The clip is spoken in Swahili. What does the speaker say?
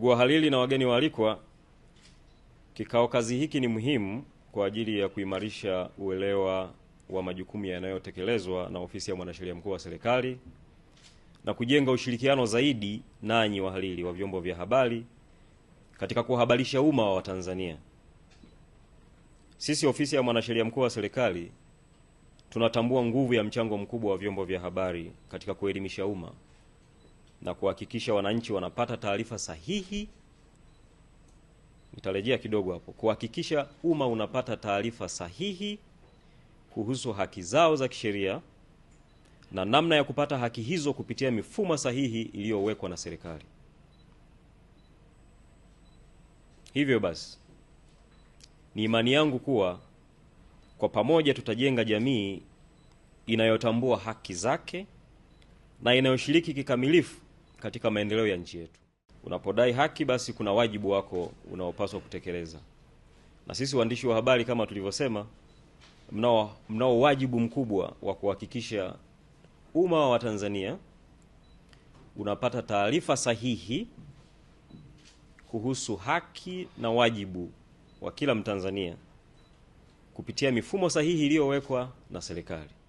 Ndugu wahariri na wageni waalikwa, kikao kazi hiki ni muhimu kwa ajili ya kuimarisha uelewa wa majukumu yanayotekelezwa na ofisi ya mwanasheria mkuu wa serikali na kujenga ushirikiano zaidi nanyi wahalili wa vyombo vya habari katika kuhabarisha umma wa Watanzania. Sisi ofisi ya mwanasheria mkuu wa serikali tunatambua nguvu ya mchango mkubwa wa vyombo vya habari katika kuelimisha umma na kuhakikisha wananchi wanapata taarifa sahihi. Nitarejea kidogo hapo, kuhakikisha umma unapata taarifa sahihi kuhusu haki zao za kisheria na namna ya kupata haki hizo kupitia mifumo sahihi iliyowekwa na serikali. Hivyo basi, ni imani yangu kuwa kwa pamoja tutajenga jamii inayotambua haki zake na inayoshiriki kikamilifu katika maendeleo ya nchi yetu. Unapodai haki, basi kuna wajibu wako unaopaswa kutekeleza, na sisi waandishi wa habari kama tulivyosema, mnao mnao wajibu mkubwa wa kuhakikisha umma wa Tanzania unapata taarifa sahihi kuhusu haki na wajibu wa kila Mtanzania kupitia mifumo sahihi iliyowekwa na serikali.